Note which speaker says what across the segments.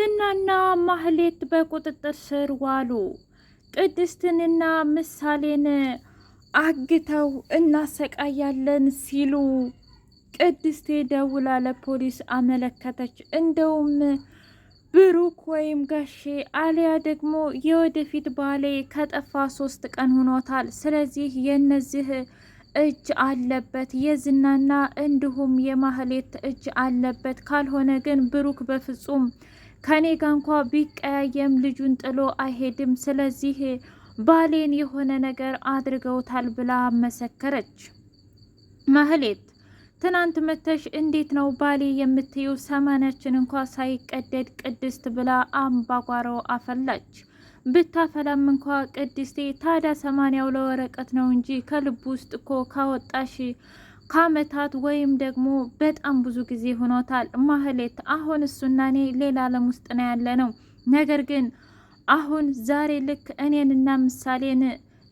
Speaker 1: ዝናና ማህሌት በቁጥጥር ስር ዋሉ። ቅድስትንና ምሳሌን አግተው እናሰቃያለን ሲሉ ቅድስቴ ደውላ ለፖሊስ አመለከተች። እንደውም ብሩክ ወይም ጋሼ አሊያ ደግሞ የወደፊት ባሌ ከጠፋ ሶስት ቀን ሆኖታል። ስለዚህ የነዚህ እጅ አለበት የዝናና እንዲሁም የማህሌት እጅ አለበት። ካልሆነ ግን ብሩክ በፍጹም ከኔ ጋ እንኳ ቢቀያየም ልጁን ጥሎ አይሄድም። ስለዚህ ባሌን የሆነ ነገር አድርገውታል ብላ መሰከረች። ማህሌት ትናንት መተሽ እንዴት ነው ባሌ የምትይው? ሰማናችን እንኳ ሳይቀደድ ቅድስት ብላ አምባጓሮ አፈላች። ብታፈላም እንኳ ቅድስቴ ታዲያ ሰማንያው ለወረቀት ነው እንጂ ከልብ ውስጥ እኮ ካወጣሽ ከአመታት ወይም ደግሞ በጣም ብዙ ጊዜ ሆኖታል። ማህሌት አሁን እሱና እኔ ሌላ አለም ውስጥ ነው ያለ ነው። ነገር ግን አሁን ዛሬ ልክ እኔንና ምሳሌን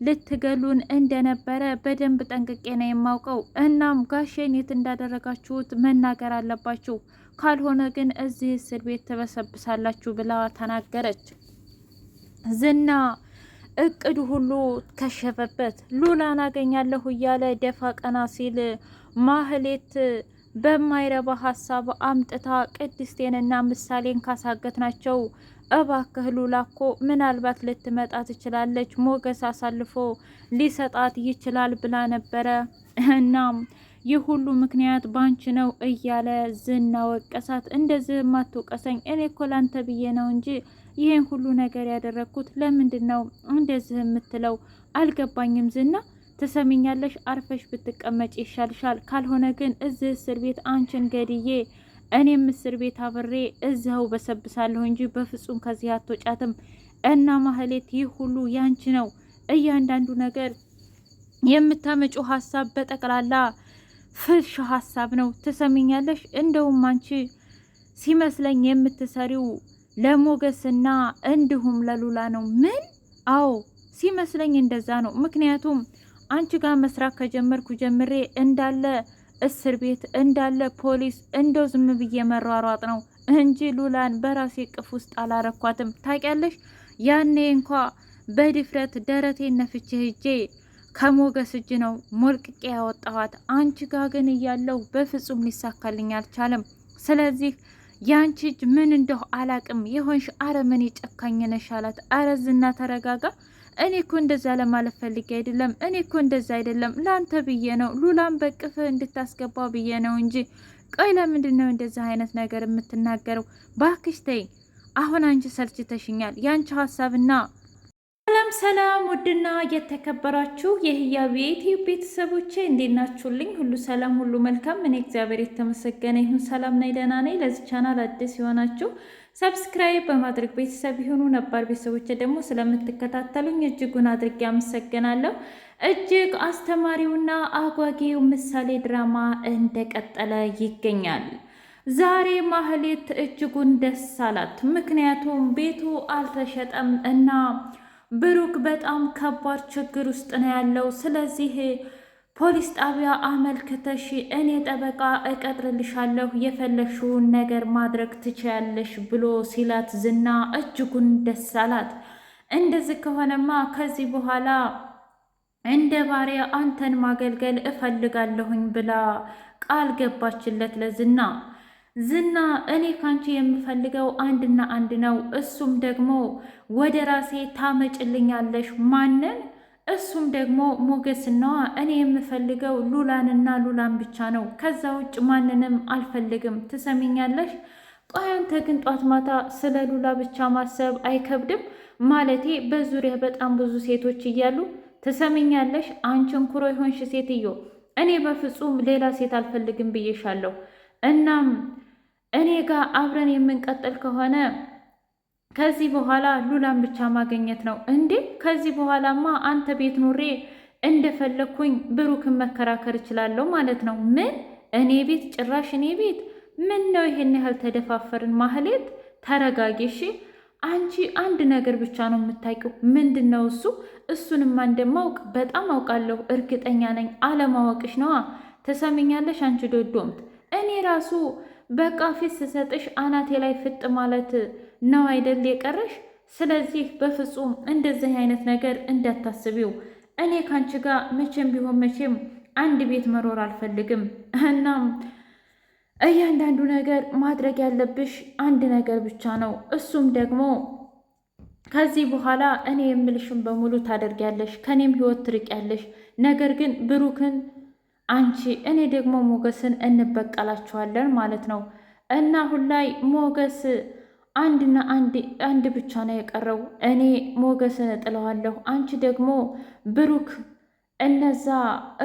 Speaker 1: ልትገሉን እንደነበረ በደንብ ጠንቅቄ ነው የማውቀው። እናም ጋሼን የት እንዳደረጋችሁት መናገር አለባችሁ፣ ካልሆነ ግን እዚህ እስር ቤት ትበሰብሳላችሁ ብላ ተናገረች ዝና እቅዱ ሁሉ ከሸፈበት። ሉላን አገኛለሁ እያለ ደፋ ቀና ሲል ማህሌት በማይረባ ሀሳብ አምጥታ ቅድስቴንና ምሳሌን ካሳገት ናቸው። እባክህ ሉላ እኮ ምናልባት ልትመጣ ትችላለች፣ ሞገስ አሳልፎ ሊሰጣት ይችላል ብላ ነበረ። እናም ይህ ሁሉ ምክንያት ባንቺ ነው እያለ ዝና ወቀሳት። እንደዚህ ማትወቀሰኝ እኔ እኮ ላንተ ብዬ ነው እንጂ ይህን ሁሉ ነገር ያደረግኩት ለምንድን ነው እንደዚህ የምትለው አልገባኝም። ዝና ትሰሚኛለሽ፣ አርፈሽ ብትቀመጭ ይሻልሻል። ካልሆነ ግን እዚህ እስር ቤት አንቺን ገድዬ እኔም እስር ቤት አብሬ እዚኸው በሰብሳለሁ እንጂ በፍጹም ከዚህ አትወጫትም። እና ማህሌት፣ ይህ ሁሉ ያንቺ ነው። እያንዳንዱ ነገር የምታመጪው ሀሳብ በጠቅላላ ፍሽ ሀሳብ ነው። ትሰሚኛለሽ? እንደውም አንቺ ሲመስለኝ የምትሰሪው ለሞገስና እንዲሁም ለሉላ ነው። ምን? አዎ ሲመስለኝ እንደዛ ነው። ምክንያቱም አንቺ ጋር መስራት ከጀመርኩ ጀምሬ እንዳለ እስር ቤት እንዳለ ፖሊስ እንደው ዝም ብዬ መሯሯጥ ነው እንጂ ሉላን በራሴ ቅፍ ውስጥ አላረኳትም። ታውቂያለሽ፣ ያኔ እንኳ በድፍረት ደረቴ ነፍቼ ሄጄ ከሞገስ እጅ ነው ሞልቅቄ ያወጣኋት። አንቺ ጋ ግን እያለሁ በፍጹም ሊሳካልኝ አልቻለም። ስለዚህ ያንቺ እጅ ምን እንደሁ አላቅም የሆንሽ አረመኔ ጨካኝ ነሽ አላት። አረ ዝና ተረጋጋ። እኔ እኮ እንደዛ ለማለት ፈልጌ አይደለም። እኔ እኮ እንደዛ አይደለም፣ ላንተ ብዬ ነው፣ ሉላን በቅፍህ እንድታስገባው ብዬ ነው እንጂ። ቆይ ለምንድን ነው እንደዚህ አይነት ነገር የምትናገረው? ባክሽ ተይኝ። አሁን አንቺ ሰልችተሽኛል። ያንቺ ሀሳብና ሰላም ሰላም፣ ውድና የተከበራችሁ የህያብ የኢትዮ ቤተሰቦቼ እንዴት ናችሁልኝ? ሁሉ ሰላም፣ ሁሉ መልካም። እኔ እግዚአብሔር የተመሰገነ ይሁን ሰላም ነኝ፣ ደህና ነኝ። ለዚህ ቻናል አዲስ የሆናችሁ ሰብስክራይብ በማድረግ ቤተሰብ የሆኑ ነባር ቤተሰቦቼ ደግሞ ስለምትከታተሉኝ እጅጉን አድርጌ አመሰግናለሁ። እጅግ አስተማሪውና አጓጊው ምሳሌ ድራማ እንደቀጠለ ይገኛል። ዛሬ ማህሌት እጅጉን ደስ አላት። ምክንያቱም ቤቱ አልተሸጠም እና ብሩክ በጣም ከባድ ችግር ውስጥ ነው ያለው። ስለዚህ ፖሊስ ጣቢያ አመልክተሽ እኔ ጠበቃ እቀጥርልሻለሁ የፈለግሽውን ነገር ማድረግ ትችያለሽ ብሎ ሲላት ዝና እጅጉን ደስ አላት። እንደዚህ ከሆነማ ከዚህ በኋላ እንደ ባሪያ አንተን ማገልገል እፈልጋለሁኝ ብላ ቃል ገባችለት ለዝና። ዝና እኔ ካንቺ የምፈልገው አንድና አንድ ነው። እሱም ደግሞ ወደ ራሴ ታመጭልኛለሽ። ማንን? እሱም ደግሞ ሞገስናዋ። እኔ የምፈልገው ሉላንና ሉላን ብቻ ነው። ከዛ ውጭ ማንንም አልፈልግም። ትሰሚኛለሽ? ቆይ አንተ ግን ጧት ማታ ስለ ሉላ ብቻ ማሰብ አይከብድም? ማለቴ በዙሪያ በጣም ብዙ ሴቶች እያሉ ትሰሚኛለሽ? አንቺን ኩሮ የሆንሽ ሴትዮ፣ እኔ በፍጹም ሌላ ሴት አልፈልግም ብዬሻለሁ። እናም እኔ ጋር አብረን የምንቀጥል ከሆነ ከዚህ በኋላ ሉላን ብቻ ማገኘት ነው እንዴ? ከዚህ በኋላማ አንተ ቤት ኑሬ እንደፈለግኩኝ ብሩክን መከራከር እችላለሁ ማለት ነው። ምን እኔ ቤት ጭራሽ እኔ ቤት ምን ነው ይሄን ያህል ተደፋፈርን? ማህሌት ተረጋጊ እሺ። አንቺ አንድ ነገር ብቻ ነው የምታውቂው። ምንድን ነው እሱ? እሱንማ እንደማውቅ በጣም አውቃለሁ፣ እርግጠኛ ነኝ። አለማወቅሽ ነዋ። ተሰምኛለሽ አንቺ ዶዶምት እኔ ራሱ በቃ ፊት ስሰጥሽ አናቴ ላይ ፍጥ ማለት ነው አይደል የቀረሽ? ስለዚህ በፍጹም እንደዚህ አይነት ነገር እንዳታስቢው። እኔ ካንቺ ጋር መቼም ቢሆን መቼም አንድ ቤት መኖር አልፈልግም። እናም እያንዳንዱ ነገር ማድረግ ያለብሽ አንድ ነገር ብቻ ነው። እሱም ደግሞ ከዚህ በኋላ እኔ የምልሽም በሙሉ ታደርጊያለሽ፣ ከኔም ህይወት ትርቅ ያለሽ ነገር ግን ብሩክን አንቺ እኔ ደግሞ ሞገስን እንበቀላችኋለን ማለት ነው። እና አሁን ላይ ሞገስ አንድና አንድ ብቻ ነው የቀረው። እኔ ሞገስን እጥለዋለሁ፣ አንቺ ደግሞ ብሩክ እነዛ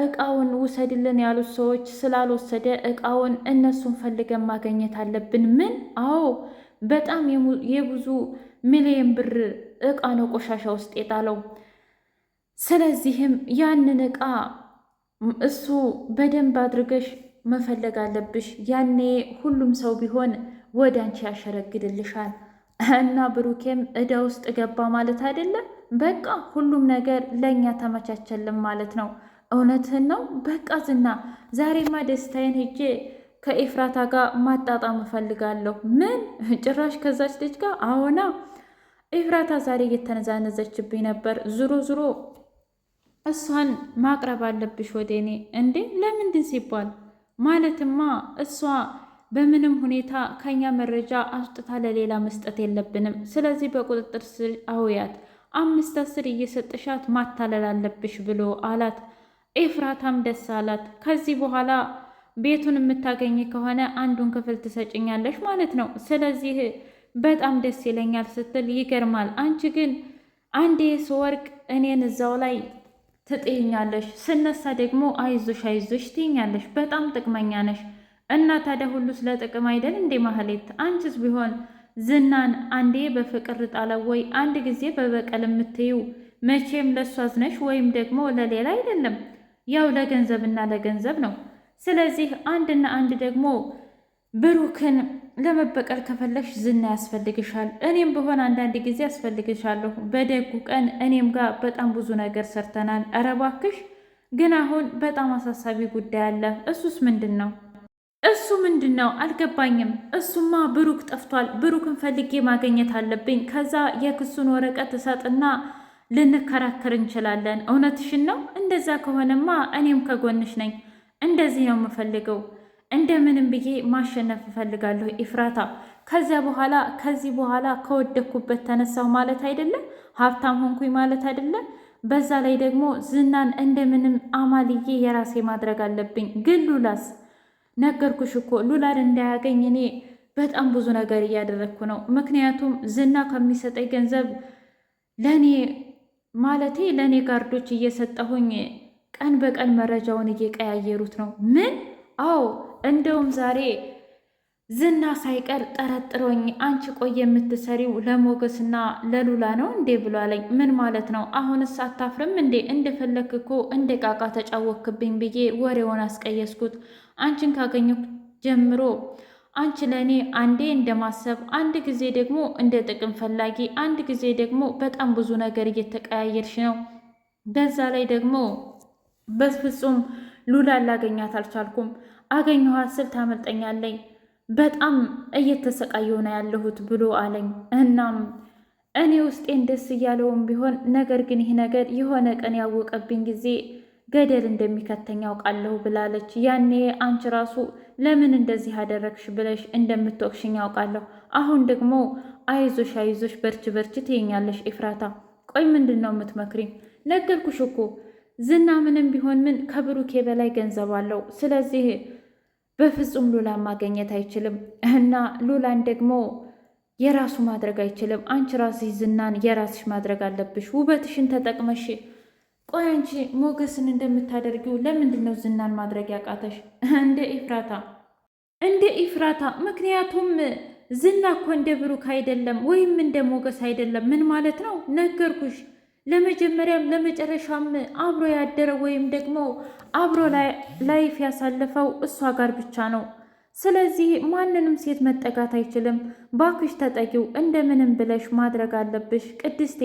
Speaker 1: እቃውን ውሰድልን ያሉት ሰዎች ስላልወሰደ እቃውን እነሱን ፈልገን ማገኘት አለብን። ምን? አዎ በጣም የብዙ ሚሊዮን ብር እቃ ነው ቆሻሻ ውስጥ የጣለው። ስለዚህም ያንን እቃ እሱ በደንብ አድርገሽ መፈለግ አለብሽ። ያኔ ሁሉም ሰው ቢሆን ወደ አንቺ ያሸረግድልሻል እና ብሩኬም እዳ ውስጥ ገባ ማለት አይደለም። በቃ ሁሉም ነገር ለእኛ ተመቻቸልም ማለት ነው። እውነትህን ነው። በቃ ዝና፣ ዛሬማ ደስታዬን ሄጄ ከኤፍራታ ጋር ማጣጣም እፈልጋለሁ። ምን ጭራሽ ከዛች ልጅ ጋር አሁና ኤፍራታ ዛሬ እየተነዛነዘችብኝ ነበር። ዝሮ ዝሮ እሷን ማቅረብ አለብሽ ወደ እኔ። እንዴ ለምንድን ሲባል ማለትማ እሷ በምንም ሁኔታ ከኛ መረጃ አውጥታ ለሌላ መስጠት የለብንም። ስለዚህ በቁጥጥር ስር አውያት፣ አምስት አስር እየሰጥሻት ማታለል አለብሽ ብሎ አላት። ኤፍራታም ደስ አላት። ከዚህ በኋላ ቤቱን የምታገኝ ከሆነ አንዱን ክፍል ትሰጭኛለሽ ማለት ነው። ስለዚህ በጣም ደስ ይለኛል ስትል ይገርማል። አንቺ ግን አንዴ ስወርቅ እኔን እዛው ላይ ትጥይኛለሽ፣ ስነሳ ደግሞ አይዞሽ አይዞሽ ትይኛለሽ። በጣም ጥቅመኛ ነሽ። እና ታዲያ ሁሉ ስለ ጥቅም አይደል እንዴ ማህሌት? አንቺስ ቢሆን ዝናን አንዴ በፍቅር ጣለው ወይ አንድ ጊዜ በበቀል የምትይው መቼም ለእሱ አዝነሽ ወይም ደግሞ ለሌላ አይደለም፣ ያው ለገንዘብና ለገንዘብ ነው። ስለዚህ አንድና አንድ ደግሞ ብሩክን ለመበቀል ከፈለግሽ ዝና ያስፈልግሻል። እኔም ብሆን አንዳንድ ጊዜ ያስፈልግሻለሁ። በደጉ ቀን እኔም ጋር በጣም ብዙ ነገር ሰርተናል። ኧረ እባክሽ ግን አሁን በጣም አሳሳቢ ጉዳይ አለ። እሱስ ምንድን ነው? እሱ ምንድን ነው አልገባኝም። እሱማ ብሩክ ጠፍቷል። ብሩክን ፈልጌ ማገኘት አለብኝ። ከዛ የክሱን ወረቀት እሰጥና ልንከራከር እንችላለን። እውነትሽን ነው። እንደዛ ከሆነማ እኔም ከጎንሽ ነኝ። እንደዚህ ነው የምፈልገው እንደምንም ብዬ ማሸነፍ እፈልጋለሁ ኢፍራታ። ከዚያ በኋላ ከዚህ በኋላ ከወደኩበት ተነሳሁ ማለት አይደለም፣ ሀብታም ሆንኩኝ ማለት አይደለም። በዛ ላይ ደግሞ ዝናን እንደምንም አማልዬ የራሴ ማድረግ አለብኝ። ግን ሉላስ ነገርኩሽ እኮ ሉላን እንዳያገኝ እኔ በጣም ብዙ ነገር እያደረግኩ ነው። ምክንያቱም ዝና ከሚሰጠኝ ገንዘብ ለእኔ ማለቴ ለእኔ ጋርዶች እየሰጠሁኝ ቀን በቀን መረጃውን እየቀያየሩት ነው። ምን? አዎ እንደውም ዛሬ ዝና ሳይቀር ጠረጥሮኝ አንቺ ቆይ የምትሰሪው ለሞገስና ለሉላ ነው እንዴ ብሏለኝ። ምን ማለት ነው? አሁንስ አታፍርም እንዴ? እንደፈለክ እኮ እንደ ቃቃ ተጫወክብኝ ብዬ ወሬውን አስቀየስኩት። አንቺን ካገኘ ጀምሮ አንቺ ለእኔ አንዴ እንደማሰብ አንድ ጊዜ ደግሞ እንደ ጥቅም ፈላጊ አንድ ጊዜ ደግሞ በጣም ብዙ ነገር እየተቀያየርሽ ነው። በዛ ላይ ደግሞ በፍጹም ሉላ ላገኛት አልቻልኩም። አገኘኋት ስል ታመልጠኛለኝ በጣም እየተሰቃየሁ ነው ያለሁት ብሎ አለኝ። እናም እኔ ውስጤን ደስ እያለውም ቢሆን ነገር ግን ይህ ነገር የሆነ ቀን ያወቀብኝ ጊዜ ገደል እንደሚከተኝ ያውቃለሁ ብላለች። ያኔ አንቺ ራሱ ለምን እንደዚህ አደረግሽ ብለሽ እንደምትወቅሽኝ ያውቃለሁ። አሁን ደግሞ አይዞሽ አይዞሽ በርች በርች ትይኛለሽ። ኤፍራታ ቆይ ምንድን ነው የምትመክሪኝ? ነገርኩሽ እኮ ዝና ምንም ቢሆን ምን ከብሩኬ በላይ ገንዘብ አለው። ስለዚህ በፍጹም ሉላን ማገኘት አይችልም እና ሉላን ደግሞ የራሱ ማድረግ አይችልም። አንቺ ራስሽ ዝናን የራስሽ ማድረግ አለብሽ። ውበትሽን ተጠቅመሽ ቆይ አንቺ ሞገስን እንደምታደርጊው ለምንድን ነው ዝናን ማድረግ ያቃተሽ? እንደ ኢፍራታ እንደ ኢፍራታ ምክንያቱም ዝና እኮ እንደ ብሩክ አይደለም፣ ወይም እንደ ሞገስ አይደለም። ምን ማለት ነው? ነገርኩሽ። ለመጀመሪያም ለመጨረሻም አብሮ ያደረ ወይም ደግሞ አብሮ ላይፍ ያሳለፈው እሷ ጋር ብቻ ነው። ስለዚህ ማንንም ሴት መጠጋት አይችልም። ባክሽ ተጠጊው፣ እንደምንም ብለሽ ማድረግ አለብሽ። ቅድስቴ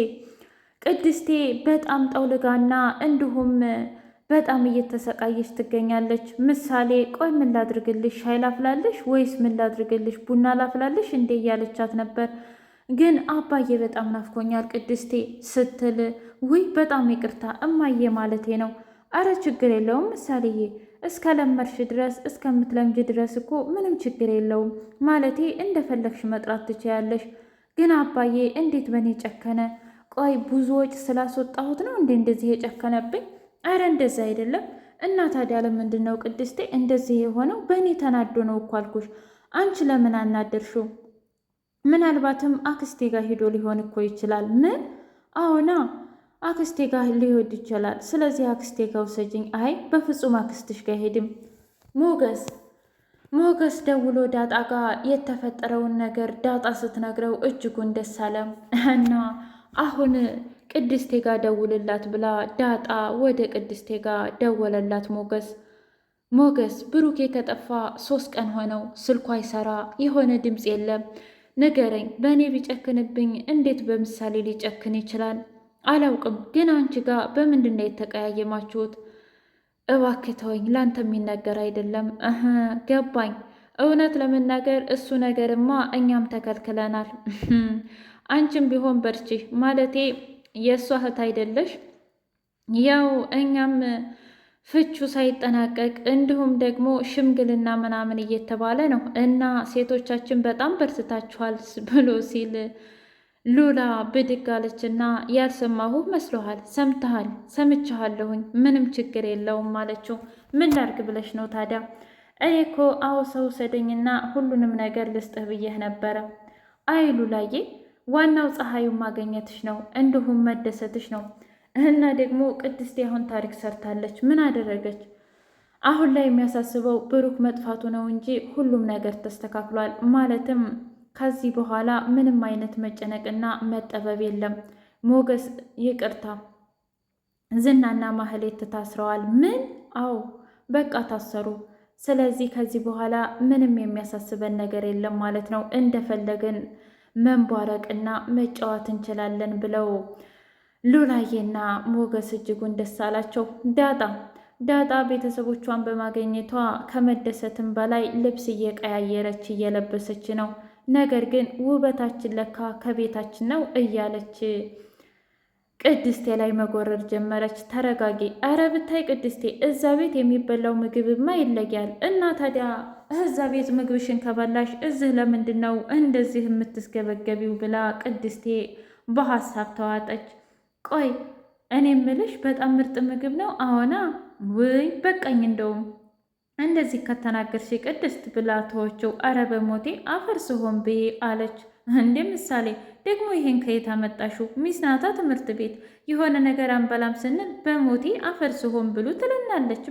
Speaker 1: ቅድስቴ በጣም ጠውልጋና እንዲሁም በጣም እየተሰቃየች ትገኛለች። ምሳሌ ቆይ ምን ላድርግልሽ? ሻይ ላፍላልሽ ወይስ ምን ላድርግልሽ? ቡና ላፍላልሽ እንዴ እያለቻት ነበር። ግን አባዬ በጣም ናፍቆኛል ቅድስቴ ስትል፣ ውይ በጣም ይቅርታ እማዬ ማለቴ ነው። አረ ችግር የለውም ምሳሌዬ፣ እስከ ለመድሽ ድረስ እስከምትለምጅ ድረስ እኮ ምንም ችግር የለውም ማለቴ እንደፈለግሽ መጥራት ትችያለሽ። ግን አባዬ እንዴት በእኔ ጨከነ? ቆይ ብዙ ወጪ ስላስወጣሁት ነው እንዴ እንደዚህ የጨከነብኝ? አረ እንደዛ አይደለም። እና ታዲያ ለምንድን ነው ቅድስቴ እንደዚህ የሆነው? በእኔ ተናዶ ነው እኮ አልኩሽ። አንቺ ለምን አናደርሽው? ምናልባትም አክስቴ ጋር ሂዶ ሊሆን እኮ ይችላል። ምን? አዎና አክስቴ ጋር ሊሄድ ይችላል። ስለዚህ አክስቴ ጋር ውሰጅኝ። አይ በፍጹም አክስትሽ ጋር ሄድም። ሞገስ ሞገስ ደውሎ ዳጣ ጋር የተፈጠረውን ነገር ዳጣ ስትነግረው እጅጉን ደስ አለም እና አሁን ቅድስቴ ጋር ደውልላት ብላ ዳጣ ወደ ቅድስቴ ጋር ደወለላት ሞገስ ሞገስ ብሩኬ ከጠፋ ሶስት ቀን ሆነው ስልኳ አይሰራ የሆነ ድምፅ የለም ንገረኝ፣ በእኔ ቢጨክንብኝ እንዴት በምሳሌ ሊጨክን ይችላል? አላውቅም፣ ግን አንቺ ጋር በምንድን ነው የተቀያየማችሁት? እባክህ ተወኝ፣ ላንተ የሚነገር አይደለም። እህ ገባኝ። እውነት ለመናገር እሱ ነገርማ እኛም ተከልክለናል። አንቺም ቢሆን በርቺ፣ ማለቴ የእሷ እህት አይደለሽ? ያው እኛም ፍቹ ሳይጠናቀቅ እንዲሁም ደግሞ ሽምግልና ምናምን እየተባለ ነው እና ሴቶቻችን በጣም በርትታችኋል ብሎ ሲል ሉላ ብድግ አለች እና ያልሰማሁህ መስሎሃል? ሰምተሃል፣ ሰምቻሃለሁኝ ምንም ችግር የለውም አለችው። ምን ላርግ ብለሽ ነው ታዲያ? እኔ እኮ አዎ ሰው ሰደኝና ሁሉንም ነገር ልስጥህ ብዬህ ነበረ። አይ ሉላዬ፣ ዋናው ፀሐዩን ማገኘትሽ ነው እንዲሁም መደሰትሽ ነው እና ደግሞ ቅድስቴ አሁን ታሪክ ሰርታለች። ምን አደረገች? አሁን ላይ የሚያሳስበው ብሩክ መጥፋቱ ነው እንጂ ሁሉም ነገር ተስተካክሏል። ማለትም ከዚህ በኋላ ምንም አይነት መጨነቅና መጠበብ የለም። ሞገስ ይቅርታ፣ ዝናና ማህሌት ታስረዋል። ምን? አዎ በቃ ታሰሩ። ስለዚህ ከዚህ በኋላ ምንም የሚያሳስበን ነገር የለም ማለት ነው። እንደፈለግን መንቧረቅና መጫወት እንችላለን ብለው ሉላዬና ሞገስ እጅጉን ደስ አላቸው። ዳጣ ዳጣ ቤተሰቦቿን በማገኘቷ ከመደሰትም በላይ ልብስ እየቀያየረች እየለበሰች ነው። ነገር ግን ውበታችን ለካ ከቤታችን ነው እያለች ቅድስቴ ላይ መጎረር ጀመረች። ተረጋጊ፣ አረ ብታይ ቅድስቴ፣ እዛ ቤት የሚበላው ምግብማ ይለያል። እና ታዲያ እዛ ቤት ምግብሽን ከበላሽ እዚህ ለምንድን ነው እንደዚህ የምትስገበገቢው? ብላ ቅድስቴ በሀሳብ ተዋጠች። ቆይ እኔ ምልሽ በጣም ምርጥ ምግብ ነው። አዎና፣ ውይ በቃኝ። እንደውም እንደዚህ ከተናገርሽ ቅድስት ብላቶዎችው አረ በሞቴ አፈር ስሆን ብዬ አለች። እንዴ ምሳሌ ደግሞ ይሄን ከየት አመጣሽው? ሚስናታ ትምህርት ቤት የሆነ ነገር አንበላም ስንል በሞቴ አፈር ስሆን ብሉ ትለናለች።